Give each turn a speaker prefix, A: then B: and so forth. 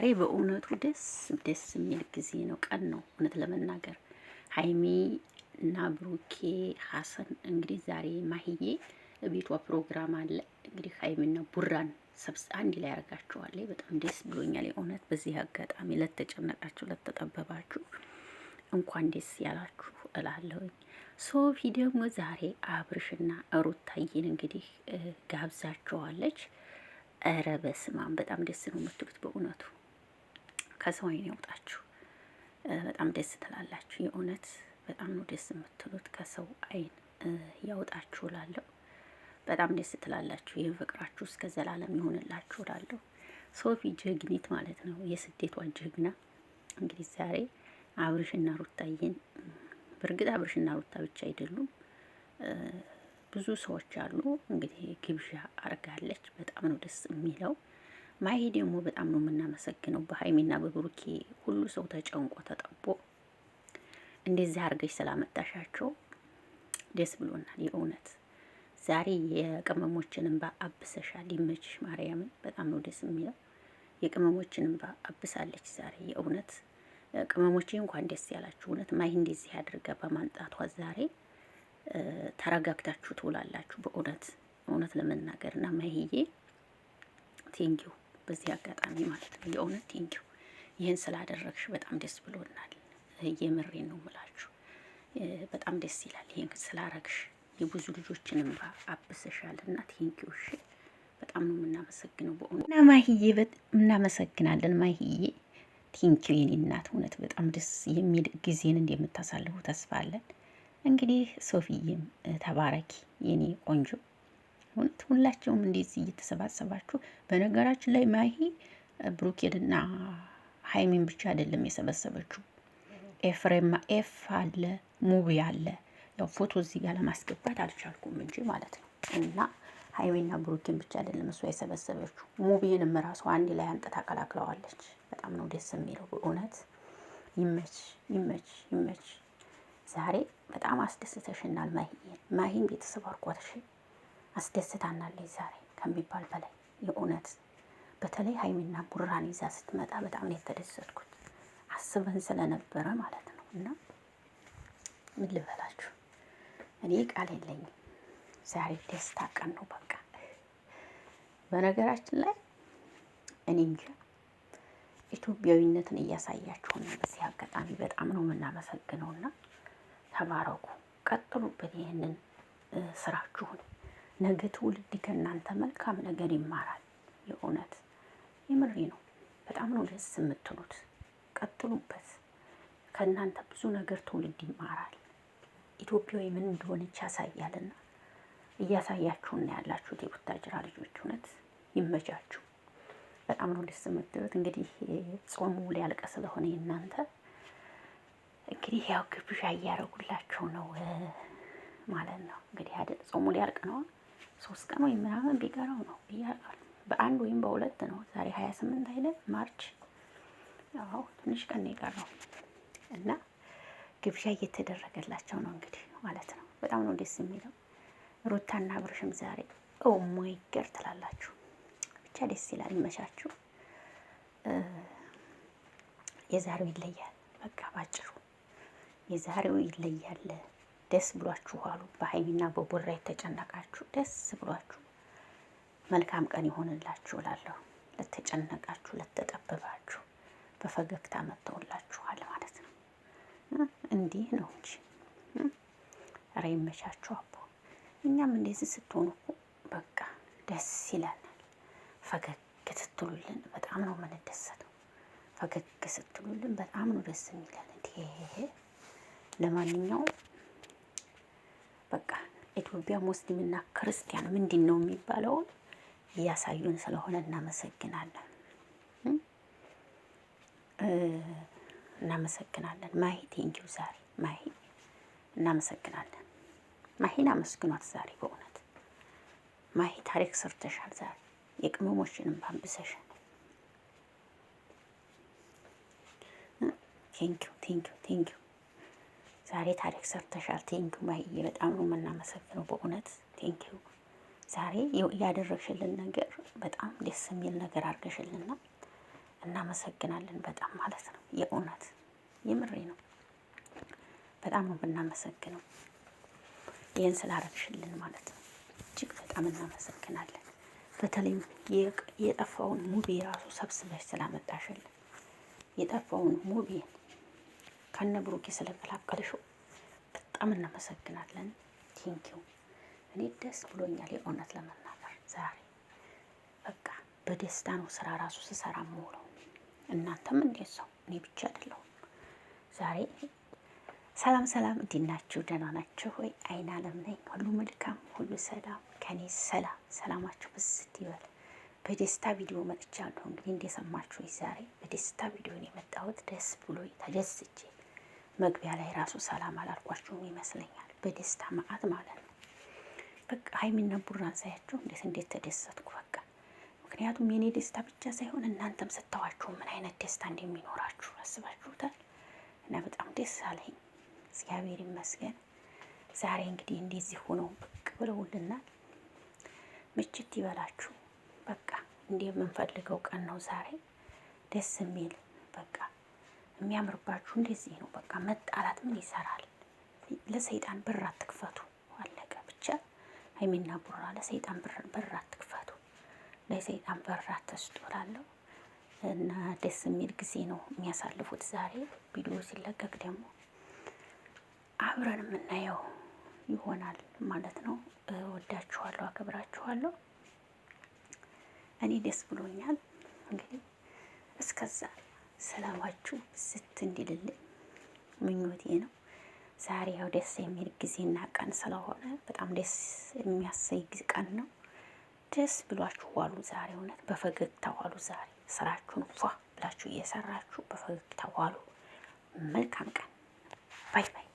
A: ዛሬ በእውነቱ ደስ ደስ የሚል ጊዜ ነው፣ ቀን ነው። እውነት ለመናገር ሀይሚ እና ብሩኬ ሀሰን እንግዲህ ዛሬ ማህዬ ቤቷ ፕሮግራም አለ። እንግዲህ ሀይሚና ቡራን ሰብስ አንድ ላይ ያደርጋችኋል። በጣም ደስ ብሎኛል የእውነት በዚህ አጋጣሚ ለተጨነቃችሁ፣ ለተጠበባችሁ እንኳን ደስ ያላችሁ እላለሁኝ። ሶፊ ደግሞ ዛሬ አብርሽና ሩታዬን እንግዲህ ጋብዛችኋለች። እረ በስመ በጣም ደስ ነው የምትሉት በእውነቱ ከሰው አይን ያውጣችሁ። በጣም ደስ ትላላችሁ። የእውነት በጣም ነው ደስ የምትሉት። ከሰው አይን ያውጣችሁ ላለው በጣም ደስ ትላላችሁ። ይህ ፍቅራችሁ እስከ ዘላለም ይሆንላችሁ ላለው ሶፊ ጀግኒት ማለት ነው፣ የስደቷ ጀግና። እንግዲህ ዛሬ አብርሽና ሩታዬን በእርግጥ አብርሽና ሩታ ብቻ አይደሉም፣ ብዙ ሰዎች አሉ። እንግዲህ ግብዣ አርጋለች። በጣም ነው ደስ የሚለው። ማሄ ደግሞ በጣም ነው የምናመሰግነው። በሀይሚና በብሩኬ ሁሉ ሰው ተጨንቆ ተጠቦ እንደዚህ አድርገሽ ስላመጣሻቸው ደስ ብሎናል። የእውነት ዛሬ የቅመሞችን እንባ አብሰሻል። ይመችሽ ማርያምን፣ በጣም ነው ደስ የሚለው። የቅመሞችን እንባ አብሳለች ዛሬ የእውነት ቅመሞቼ እንኳን ደስ ያላችሁ። እውነት ማይ እንደዚህ አድርጋ በማምጣቷ ዛሬ ተረጋግታችሁ ትውላላችሁ። በእውነት እውነት ለመናገር እና ማይዬ ቴንኪው በዚህ አጋጣሚ ማለት ነው። የእውነት ቴንኪው ይህን ስላደረግሽ በጣም ደስ ብሎናል። የምሬን ነው ምላችሁ በጣም ደስ ይላል። ይህን ስላረግሽ የብዙ ልጆችን እንባ አብሰሻል እና ቴንኪው እሺ። በጣም ነው የምናመሰግነው በእውነት እና ማሂዬ እናመሰግናለን ማሂዬ ቴንኪው የኔ እናት እውነት በጣም ደስ የሚል ጊዜን እንደምታሳልፉ ተስፋ አለን። እንግዲህ ሶፊዬም ተባረኪ የኔ ቆንጆ እውነት ሁላቸውም እንደዚህ እየተሰባሰባችሁ በነገራችን ላይ ማሂ ብሩኬንና ሀይሚን ብቻ አይደለም የሰበሰበችው። ኤፍሬማ ኤፍ አለ ሙቪ አለ። ያው ፎቶ እዚህ ጋር ለማስገባት አልቻልኩም እንጂ ማለት ነው። እና ሀይሜና ብሩኬን ብቻ አይደለም እሷ የሰበሰበችው፣ ሙቪንም ራሱ አንድ ላይ አንጥታ አቀላቅለዋለች። በጣም ነው ደስ የሚለው እውነት። ይመች ይመች ይመች። ዛሬ በጣም አስደስተሽናል ማሂን። ማሂን ቤተሰብ አርጓትሽ አስደስታናለች ዛሬ ከሚባል በላይ የእውነት በተለይ ሀይሚና ቡራን ይዛ ስትመጣ በጣም ነው የተደሰትኩት። አስበን ስለነበረ ማለት ነው። እና ምን ልበላችሁ እኔ ቃል የለኝም። ዛሬ ደስታ ቀን ነው በቃ። በነገራችን ላይ እኔ እንጃ ኢትዮጵያዊነትን ነው። በዚህ አጋጣሚ በጣም ነው የምናመሰግነው እና ተባረኩ፣ ቀጥሉበት ይህንን ስራችሁን ነገ ትውልድ ከእናንተ መልካም ነገር ይማራል። የእውነት የምሬ ነው። በጣም ነው ደስ የምትሉት። ቀጥሉበት። ከእናንተ ብዙ ነገር ትውልድ ይማራል። ኢትዮጵያዊ ምን እንደሆነች ያሳያልና እያሳያችሁን ያላችሁት የቡታጅራ ልጆች እውነት ይመቻችሁ። በጣም ነው ደስ የምትሉት። እንግዲህ ጾሙ ሊያልቅ ስለሆነ የእናንተ እንግዲህ ያው ግብዣ እያደረጉላቸው ነው ማለት ነው። እንግዲህ ጾሙ ሊያልቅ ነው። ሶስት ቀን ወይም ምናምን ቢቀረው ነው ብያለሁ። በአንድ ወይም በሁለት ነው። ዛሬ ሀያ ስምንት አይለ ማርች። አዎ ትንሽ ቀን ነው የቀረው እና ግብዣ እየተደረገላቸው ነው እንግዲህ ማለት ነው። በጣም ነው ደስ የሚለው። ሩታና ብርሽም ዛሬ ኦ ማይ ትላላችሁ። ብቻ ደስ ይላል። ይመቻችሁ። የዛሬው ይለያል። በቃ ባጭሩ የዛሬው ይለያል። ደስ ብሏችሁ አሉ። በሀይሚና በቡራ የተጨነቃችሁ ደስ ብሏችሁ መልካም ቀን ይሆንላችሁ እላለሁ። ለተጨነቃችሁ ለተጠበባችሁ በፈገግታ መጥተውላችኋል ማለት ነው። እንዲህ ነው እንጂ ኧረ ይመቻችሁ አቦ። እኛም እንደዚህ ስትሆኑ እኮ በቃ ደስ ይለናል። ፈገግ ስትሉልን በጣም ነው የምንደሰተው። ፈገግ ስትሉልን በጣም ነው ደስ የሚለን። ለማንኛውም በቃ ኢትዮጵያ ሙስሊምና ክርስቲያን ምንድን ነው የሚባለውን እያሳዩን ስለሆነ እናመሰግናለን እናመሰግናለን። ማሂ ቴንኪው ዛሬ ማሂ እናመሰግናለን። ማሂን አመስግኗት ዛሬ በእውነት ማሂ ታሪክ ሰርተሻል። ዛሬ የቅመሞችንም ባንብሰሻል። ቴንኪው ቴንኪው ቴንኪው ዛሬ ታሪክ ሰርተሻል። ቴንኪው ማሂዬ፣ በጣም ነው የምናመሰግነው በእውነት ቴንኪው። ዛሬ ያደረግሽልን ነገር በጣም ደስ የሚል ነገር አድርገሽልና እናመሰግናለን በጣም ማለት ነው። የእውነት የምሬ ነው። በጣም ነው የምናመሰግነው ይህን ስላደረግሽልን ማለት ነው። እጅግ በጣም እናመሰግናለን። በተለይም የጠፋውን ሙቤ ራሱ ሰብስበሽ ስላመጣሽልን የጠፋውን ሙቤን ከነ ብሩኬ ስለቀላቀልሽው በጣም እናመሰግናለን። ቴንኪው። እኔ ደስ ብሎኛል የእውነት ለመናገር ዛሬ በቃ በደስታ ነው ስራ ራሱ ስሰራ የምውለው። እናንተም እንዴት ሰው እኔ ብቻ አይደለሁም ዛሬ። ሰላም ሰላም፣ እንዴት ናችሁ? ደህና ናችሁ ወይ? አይን አለም ነኝ። ሁሉ መልካም፣ ሁሉ ሰላም፣ ከኔ ሰላም። ሰላማችሁ ብስት ይበል። በደስታ ቪዲዮ መጥቻለሁ። እንግዲህ እንደሰማችሁ ዛሬ በደስታ ቪዲዮ ነው የመጣሁት። ደስ ብሎ ተደስቼ መግቢያ ላይ ራሱ ሰላም አላልኳቸውም ይመስለኛል። በደስታ መዓት ማለት ነው። በቃ ሀይሚና ቡራን ሳያቸው እንዴት እንዴት ተደሰትኩ። በቃ ምክንያቱም የኔ ደስታ ብቻ ሳይሆን እናንተም ስተዋችሁ ምን አይነት ደስታ እንደሚኖራችሁ አስባችሁታል። እና በጣም ደስ አለኝ። እግዚአብሔር ይመስገን። ዛሬ እንግዲህ እንደዚህ ሆነው ብቅ ብለውልናል። ምችት ይበላችሁ። በቃ የምንፈልገው ቀን ነው ዛሬ ደስ የሚል በቃ የሚያምርባችሁ እንደዚህ ነው። በቃ መጣላት ምን ይሰራል? ለሰይጣን በር አትክፈቱ። አለቀ ብቻ። ሀይሚና ቡራ ለሰይጣን በር አትክፈቱ፣ ለሰይጣን በር አትስጡ እላለሁ እና ደስ የሚል ጊዜ ነው የሚያሳልፉት። ዛሬ ቪዲዮ ሲለቀቅ ደግሞ አብረን የምናየው ይሆናል ማለት ነው። ወዳችኋለሁ፣ አከብራችኋለሁ። እኔ ደስ ብሎኛል። እንግዲህ እስከዛ ሰላማችሁ ስት እንዲልልኝ ምኞቴ ነው። ዛሬ ያው ደስ የሚል ጊዜና ቀን ስለሆነ በጣም ደስ የሚያሰኝ ቀን ነው። ደስ ብሏችሁ ዋሉ ዛሬ። እውነት በፈገግታ ዋሉ ዛሬ። ስራችሁን ፏ ብላችሁ እየሰራችሁ በፈገግታ ዋሉ። መልካም ቀን። ባይ ባይ።